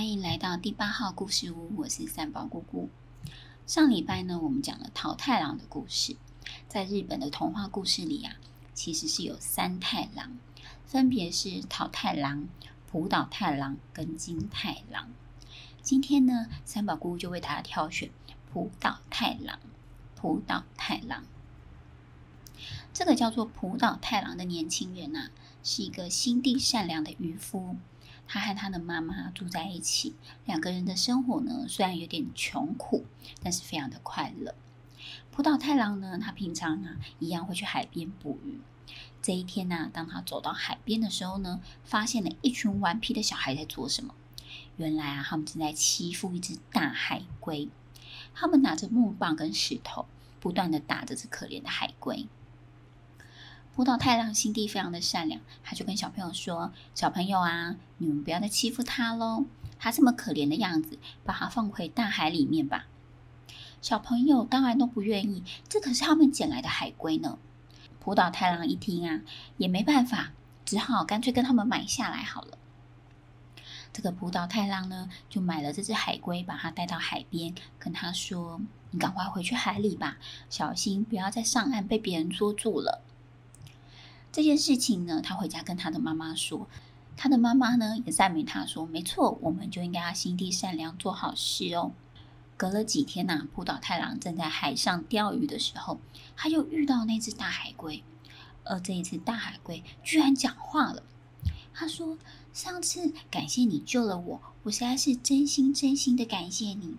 歡迎來到第八號故事屋，我是三寶姑姑。上禮拜呢，我們講了桃太郎的故事。在日本的童話故事裡啊，其實是有三太郎，分別是桃太郎、浦島太郎跟金太郎。今天呢，三寶姑姑就為大家挑選浦島太郎。浦島太郎，這個叫做浦島太郎的年輕人啊，是一個心地善良的漁夫。他和他的媽媽住在一起，兩個人的生活呢，雖然有點窮苦，但是非常的快樂。浦島太郎呢，他平常啊，一樣會去海邊捕魚。這一天呢、啊，當他走到海邊的時候呢，發現了一群頑皮的小孩在做什麼？原來啊，他們正在欺負一隻大海龜。他們拿着木棒跟石頭，不斷地打這隻可憐的海龜。浦島太郎心地非常的善良，他就跟小朋友說：“小朋友啊，你們不要再欺負他嘍，他這麼可憐的樣子，把他放回大海裡面吧。”小朋友當然都不願意，這可是他們撿來的海龜呢。浦島太郎一聽啊，也沒辦法，只好乾脆跟他們買下來好了。這個浦島太郎呢，就買了這隻海龜，把它帶到海邊，跟他說：“你趕快回去海裡吧，小心不要再上岸被別人捉住了。”這件事情呢，他回家跟他的媽媽說，他的媽媽呢也讚美他說：“沒錯，我們就應該要心地善良，做好事哦。”隔了幾天呢、啊，浦島太郎正在海上釣魚的時候，他又遇到那隻大海龜，而這一次大海龜居然講話了。他說：“上次感謝你救了我，我實在是真心真心的感謝你。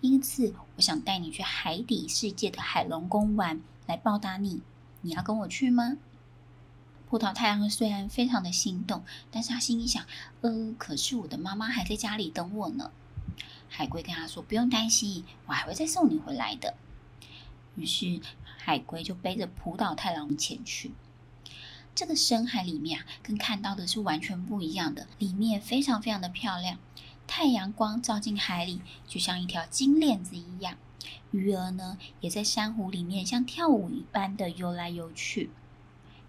因此，我想帶你去海底世界的海龍宮玩，來報答你。你要跟我去嗎？”浦島太郎雖然非常的心動，但是他心裡想，呃，可是我的媽媽還在家裡等我呢。海龜跟他說：“不用擔心，我還會再送你回來的。”於是海龜就背着浦島太郎前去。這個深海裡面啊，跟看到的是完全不一樣的，裡面非常非常的漂亮。太陽光照進海裡，就像一條金鏈子一樣。魚兒呢，也在珊瑚裡面像跳舞一般的游來游去。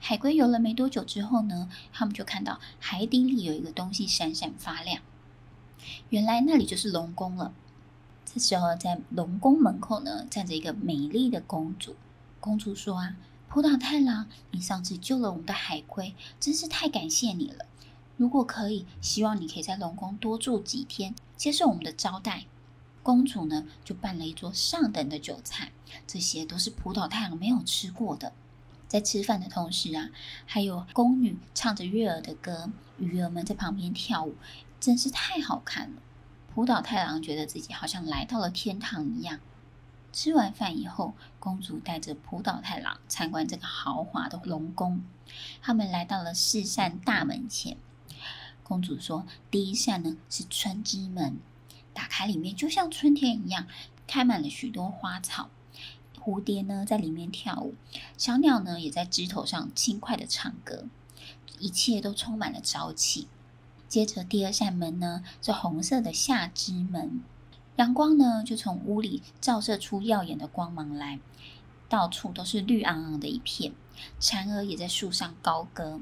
海龜游了沒多久之後呢，他們就看到海底裡有一個東西閃閃發亮。原來那裡就是龍宮了。這時候，在龍宮門口呢，站着一個美麗的公主。公主說：“啊，浦島太郎，你上次救了我們的海龜，真是太感謝你了。如果可以，希望你可以在龍宮多住幾天，接受我們的招待。”公主呢，就辦了一桌上等的酒菜，這些都是浦島太郎沒有吃過的。在吃飯的同時啊，還有宮女唱着悅耳的歌，魚兒們在旁邊跳舞，真是太好看了。浦島太郎覺得自己好像來到了天堂一樣。吃完飯以後，公主帶着浦島太郎參觀這個豪華的龍宮。他們來到了四扇大門前，公主說：“第一扇呢是春之門，打開裡面就像春天一樣，開滿了許多花草。”蝴蝶呢，在裡面跳舞；小鳥呢，也在枝頭上輕快的唱歌。一切都充滿了朝氣。接着，第二扇門呢，是紅色的夏之門，陽光呢，就從屋裡照射出耀眼的光芒來，到處都是綠昂昂的一片。蟬兒也在樹上高歌。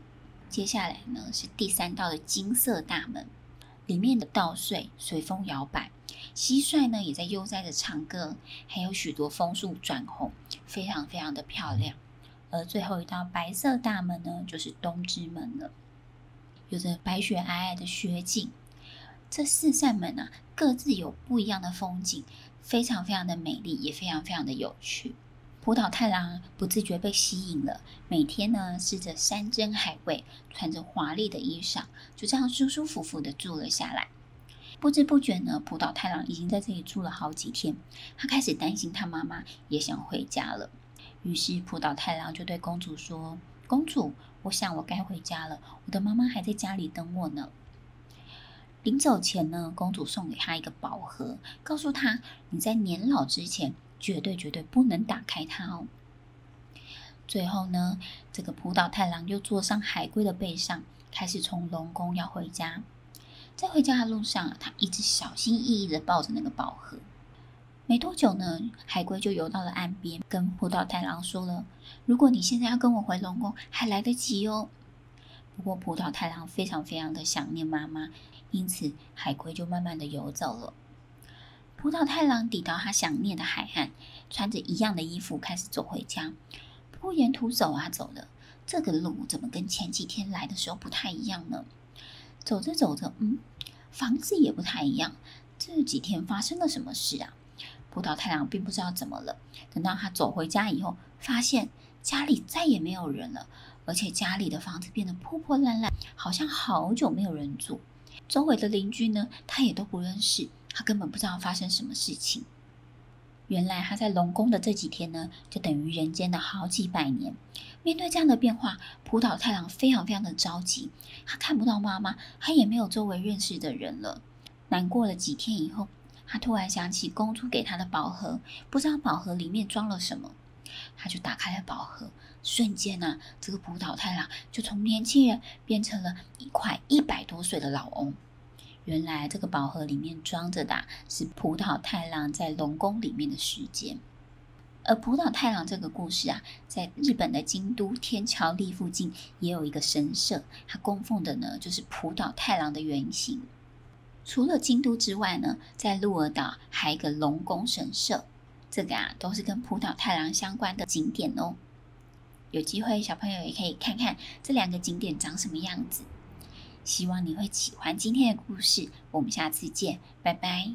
接下來呢，是第三道的金色大門，裡面的稻穗隨風搖擺。蟋蟀呢，也在悠哉的唱歌，還有許多楓樹轉紅，非常非常的漂亮。而最後一道白色大門呢，就是冬之門了，有着白雪皚皚的雪景。這四扇門啊，各自有不一樣的風景，非常非常的美麗，也非常非常的有趣。浦島太郎不自覺被吸引了，每天呢，吃著山珍海味，穿着華麗的衣裳，就這樣舒舒服服的住了下來。不知不覺呢，浦島太郎已經在這裡住了好幾天。他開始擔心，他媽媽也想回家了。於是，浦島太郎就對公主說：“公主，我想我該回家了，我的媽媽還在家裡等我呢。”臨走前呢，公主送給他一個寶盒，告訴他：“你在年老之前，絕對絕對不能打開它哦。”最後呢，這個浦島太郎又坐上海龜的背上，開始從龍宮要回家。在回家的路上，他一直小心翼翼的抱着那個寶盒。沒多久呢，海龜就游到了岸邊，跟浦島太郎說了：“如果你現在要跟我回龍宮，還來得及哦。”不過，浦島太郎非常非常的想念媽媽，因此海龜就慢慢的游走了。浦島太郎抵達他想念的海岸，穿着一樣的衣服開始走回家。不過，沿途走啊走的，這個路怎麼跟前幾天來的時候不太一樣呢？走着走着，嗯，房子也不太一樣。這幾天發生了什麼事啊？浦島太郎並不知道怎麼了。等到他走回家以後，發現家裡再也沒有人了，而且家裡的房子變得破破爛爛，好像好久沒有人住。周圍的鄰居呢，他也都不認識，他根本不知道發生什麼事情。原來他在龍宮的這幾天呢，就等於人間的好幾百年。面對這樣的變化，浦島太郎非常非常的着急。他看不到媽媽，他也沒有周圍認識的人了，難過了幾天以後，他突然想起公主給他的寶盒，不知道寶盒裡面裝了什麼，他就打開了寶盒，瞬間呢、啊，這個浦島太郎就從年輕人變成了一塊一百多歲的老翁。原來這個寶盒裡面裝着的、啊、是浦島太郎在龍宮裡面的時間，而浦島太郎這個故事啊，在日本的京都天橋立附近也有一個神社，它供奉的呢，就是浦島太郎的原型。除了京都之外呢，在鹿兒島還有一個龍宮神社，這個啊都是跟浦島太郎相關的景點哦。有機會小朋友也可以看看這兩個景點長什麼樣子。希望你會喜歡今天的故事，我們下次見，拜拜。